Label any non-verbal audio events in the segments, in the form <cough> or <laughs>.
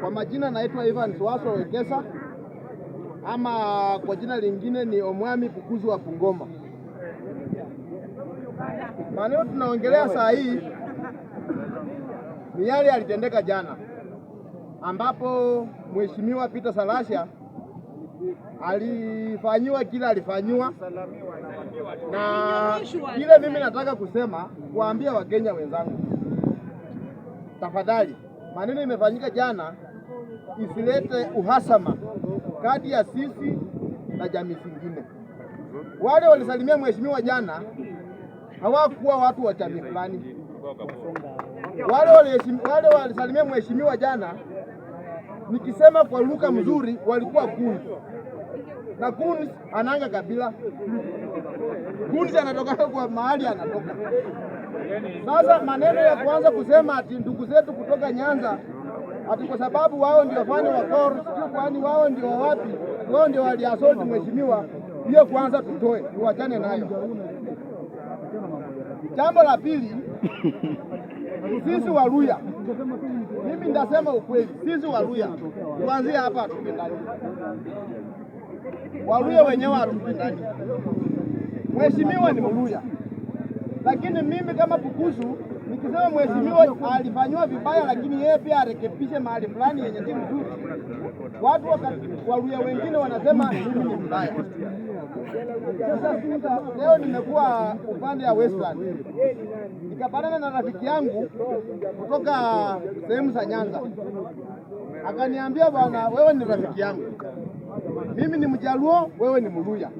Kwa majina naitwa Ivan Swaso Wekesa ama kwa jina lingine ni Omwami Pukuzi wa pungoma Maneno tunaongelea saa hii ni yale yalitendeka jana, ambapo Mheshimiwa Peter Salasha alifanyiwa kila alifanyiwa, na kile mimi nataka kusema kuambia Wakenya wenzangu, tafadhali, maneno imefanyika jana isilete uhasama kati ya sisi na jamii zingine. Wale walisalimia mheshimiwa jana hawakuwa watu wa jamii fulani. Wale walisalimia mheshimiwa jana, nikisema kwa lugha mzuri, walikuwa kuni na kuni ananga kabila kuni anatoka kwa mahali anatoka. Sasa maneno ya kuanza kusema ati ndugu zetu kutoka Nyanza ati kwa sababu wao ndio fani wa Gor, sio kwani wao ndio wapi, wao ndio waliasoti mheshimiwa. Hiyo kwanza tutoe, tuachane nayo. Jambo la pili, <laughs> sisi Waluya, mimi ndasema ukweli, sisi Waluya kuanzia hapa, hatupendani. Waluya wenyewe hatupendani. Mheshimiwa ni Mluya, lakini mimi kama Bukusu nikisema mheshimiwa alifanywa vibaya, lakini yeye pia arekebishe mahali fulani yenye timu nzuri. Watu Waluya wengine wanasema ni vibaya. Sasa leo nimekuwa upande ya Westland nikapatana na rafiki yangu kutoka sehemu za Nyanza, akaniambia bwana, wewe ni rafiki yangu, mimi ni Mjaluo, wewe ni Mluya.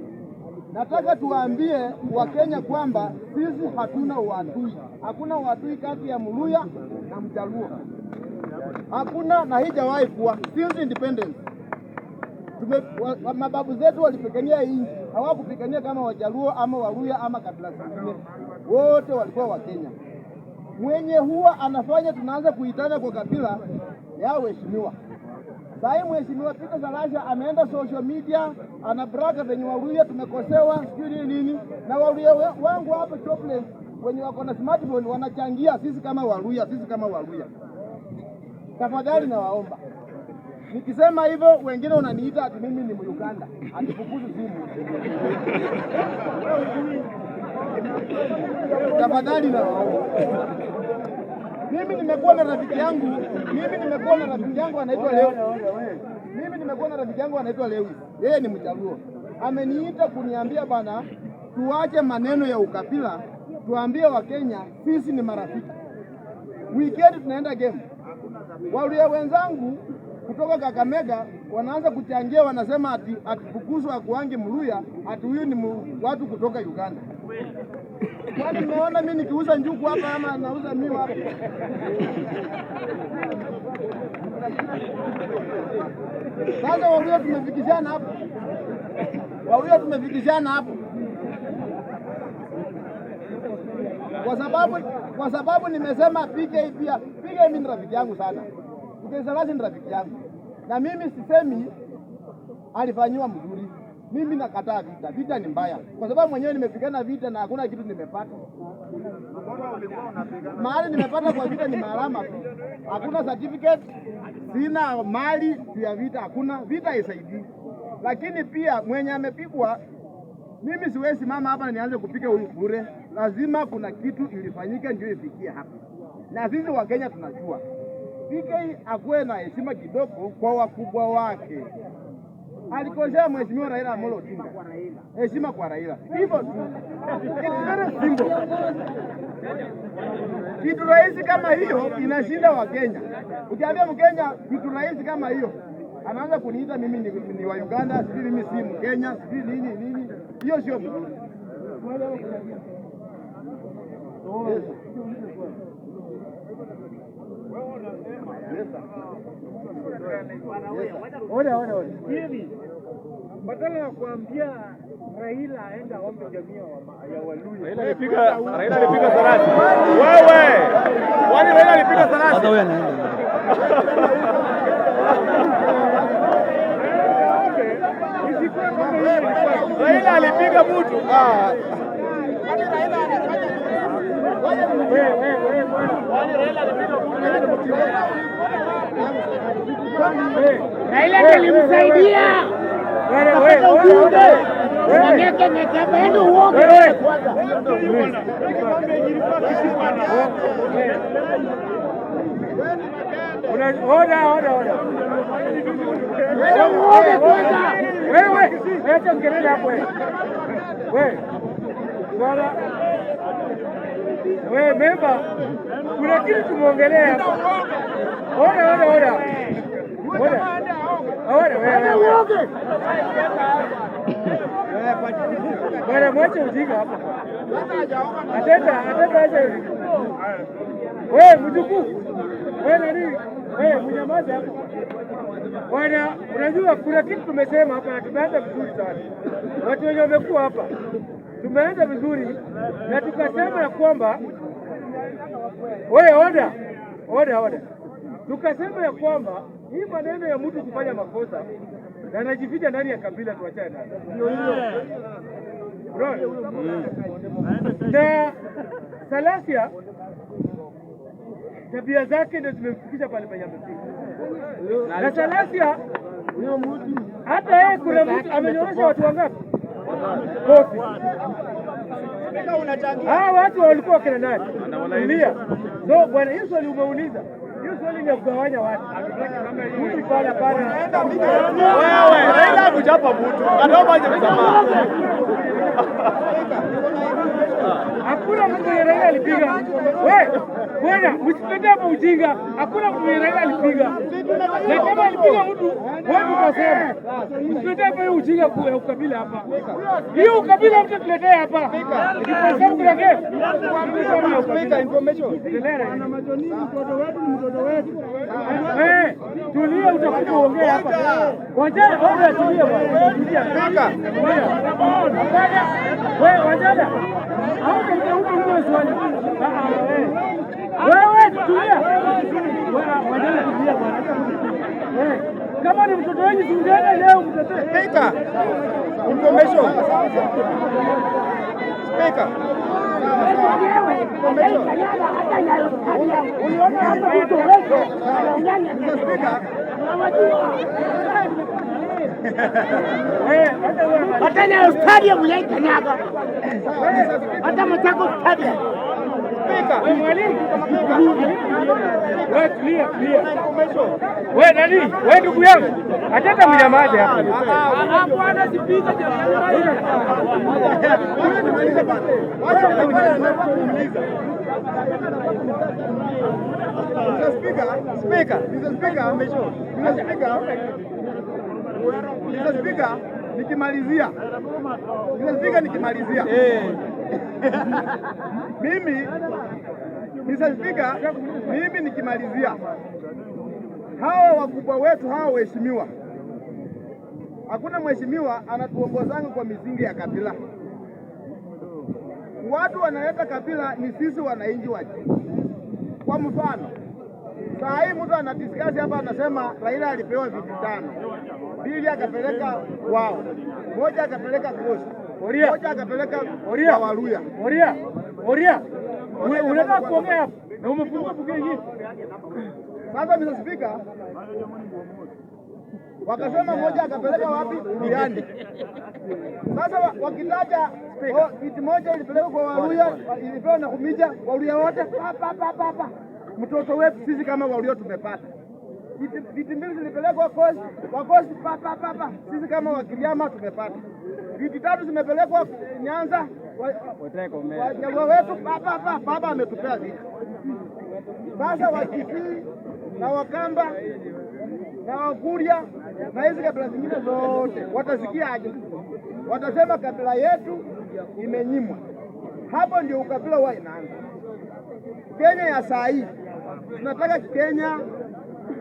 Nataka tuwaambie Wakenya kwamba sisi hatuna uadui, hakuna uadui kati ya Muluya na Mjaluo, hakuna na haijawahi kuwa. Since independence tume, wa, mababu zetu walipigania hii nchi, hawakupigania kama Wajaluo ama Waluya ama kabila zingine, wote walikuwa Wakenya. Mwenye huwa anafanya tunaanza kuitana kwa kabila yao waheshimiwa Sai mheshimiwa Peter Salasha ameenda social media ana braga venye Waluya tumekosewa sijui nini, na Waluya wangu hapa Jobless wenye wako na smartphone wanachangia sisi kama Waluya, sisi kama Waluya. Tafadhali nawaomba, nikisema hivyo wengine unaniita ati mimi ni muuganda atifukuzi simu <laughs> tafadhali nawaomba mimi nimekuwa na rafiki yangu, mimi nimekuwa na rafiki yangu anaitwa Lewi, mimi nimekuwa na rafiki yangu anaitwa Lewi, yeye ni mchaguo, ameniita kuniambia bana, tuache maneno ya ukabila, tuambie Wakenya sisi ni marafiki. Weekend tunaenda game, waluya wenzangu kutoka Kakamega wanaanza kuchangia, wanasema ati ati akuangi Mluya, ati huyu ni watu kutoka Uganda. Kwani mmeona mimi nikiuza njugu hapa ama nauza miwa hapa? Sasa wawili tumefikishana hapo, wawili tumefikishana hapo, kwa sababu kwa sababu nimesema PK pia. PK mimi ni rafiki yangu sana, Mkesalasi ni rafiki yangu, na mimi sisemi alifanyiwa mzuri mimi nakataa vita, vita ni mbaya, kwa sababu mwenyewe nimepigana vita na hakuna kitu nimepata. Mahali nimepata kwa vita ni maalama tu, hakuna certificate, sina mali ya vita, hakuna vita isaidii. Lakini pia mwenye amepigwa, mimi siwezi mama hapa na nianze kupiga huyu bure. Lazima kuna kitu ilifanyike ndio ifikie hapa, na sisi Wakenya tunajua PK akuwe na heshima kidogo kwa wakubwa wake alikosea mheshimiwa Raila Amolo Odinga, heshima kwa Raila. Hivyo very kitu rahisi kama hiyo inashinda Wakenya. Ukiambia Mkenya kitu rahisi kama hiyo, anaanza kuniita mimi ni, ni wa Uganda, sijui mimi si Mkenya, sijui nini nini. Hiyo sio mzuri. Hivi badala ya kuambia Raila aenda ombe jamii ya Waluya. Raila alipiga Raila alipiga sarati. Wewe. Kwani Raila alipiga sarati? Sasa huyo anaenda. Raila alipiga mtu. Ah. Raila anafanya. Wewe wewe wewe. Raila nilimsaidia akapata ujumbe nangeke ngekaba kwanza wewe wacha ngerele hapo wewe wala wewe memba kuna kitu tumeongelea hapa ora ora ora Bwana mwache ujinga hapo. Ateta, ateta aje. unajua kuna kitu tumesema hapa na tumeanza vizuri sana. Watu wenye wamekuwa hapa. Tumeanza vizuri na tukasema ya kwamba wewe oda. Oda, oda. Tukasema ya kwamba hii maneno ya mtu kufanya makosa na anajificha ndani ya kabila, tuachane nayo. Ndio hiyo na Salasia tabia zake ndio zimemfikisha pale penye amefika. Na Salasia huyo mtu hata yeye, kuna mtu amenyoosha watu wangapi? Wote hawa watu walikuwa wakina nani? Ndio bwana, hiyo swali umeuliza, hiyo swali ni ya kugawanya watu wewe Raila kuchapa mtu, anaomba aje msamaha bwana, msipende hapo ujinga. Hakuna mtu Raila alipiga, na kama alipiga mtu wewe ukasema. Msipende hapo hiyo ujinga ya ukabila hapa, hiyo ukabila mtu tuletee hapa Tulia, utakuja uongee hapa. Wajana wewe, tulia wajana, au utakuja huko kama ni mtoto wenyu sungene leo mtetee. Spika, information. Spika. Hata nayo stadium yaikanyaga hata matako stadium wewe nani? Wewe ndugu yangu. Atata mnyamaze hapa. Nikimalizia nikimalizia <laughs> mimi Mr. mimi nikimalizia, hawa wakubwa wetu hawa waheshimiwa, hakuna mheshimiwa anatuongozanga kwa misingi ya kabila. Watu wanaleta kabila ni sisi wananchi wa Kwa mfano, saa hii mtu discuss hapa, anasema Raila alipewa vitu tano, mbili akapeleka wao, moja akapeleka Kosi moja akapeleka Waluya. Oria, Oria, unataka kuongea hapo na umefunga bugii. Sasa Mr. Speaker, wakasema moja akapeleka wapi? Buriani. Sasa wakitaja kiti oh, moja ilipelekwa kwa Waluya, ilipewa na Kumija, Waluya wote hapa. Mtoto wetu sisi kama Waluya tumepata viti mbili zilipelekwa kwa Kosi, sisi kama Wakiliama tumepata viti tatu zimepelekwa Nyanza, wajabwa wetu papa papa ametupea viti sasa, Wakisii na Wakamba na Wakuria na hizi kabila zingine zote watasikia aje? Watasema kabila yetu imenyimwa. Hapo ndio ukabila huwa inaanza. Kenya ya saa hii tunataka Kenya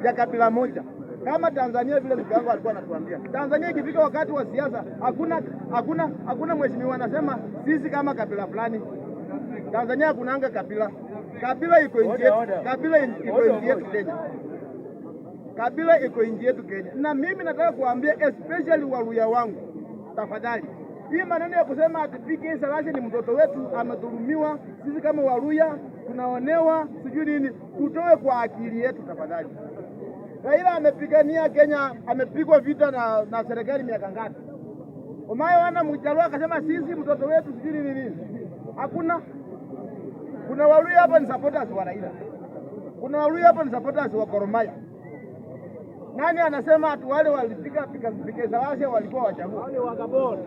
ya kabila moja kama Tanzania vile ndugu yangu alikuwa anatuambia. Tanzania ikifika wakati wa siasa, hakuna hakuna hakuna mheshimiwa anasema sisi kama kabila fulani. Tanzania anga kabila, kabila iko nchi yetu, kabila iko nchi yetu Kenya, kabila iko nchi yetu Kenya. Na mimi nataka kuambia especially waluya wangu, tafadhali hii maneno ya kusema ati PK Salashe ni mtoto wetu amedhulumiwa, sisi kama Waluya tunaonewa, sijui nini, tutoe kwa akili yetu tafadhali. Raila amepigania Kenya, amepigwa vita na, na serikali miaka ngapi? Omayo wana mjaluo akasema sisi mtoto wetu sijui ni nini. Hakuna. Kuna walio hapa ni supporters wa Raila, kuna walio hapa ni supporters wa Koromaya. Nani anasema watu wale walipiga pikesawase walikuwa wachagua? Wale Gabon.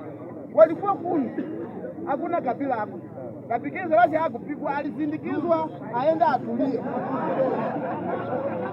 walikuwa kundi, hakuna kabila hapo. Kapikesawase hakupigwa, alisindikizwa aenda atulie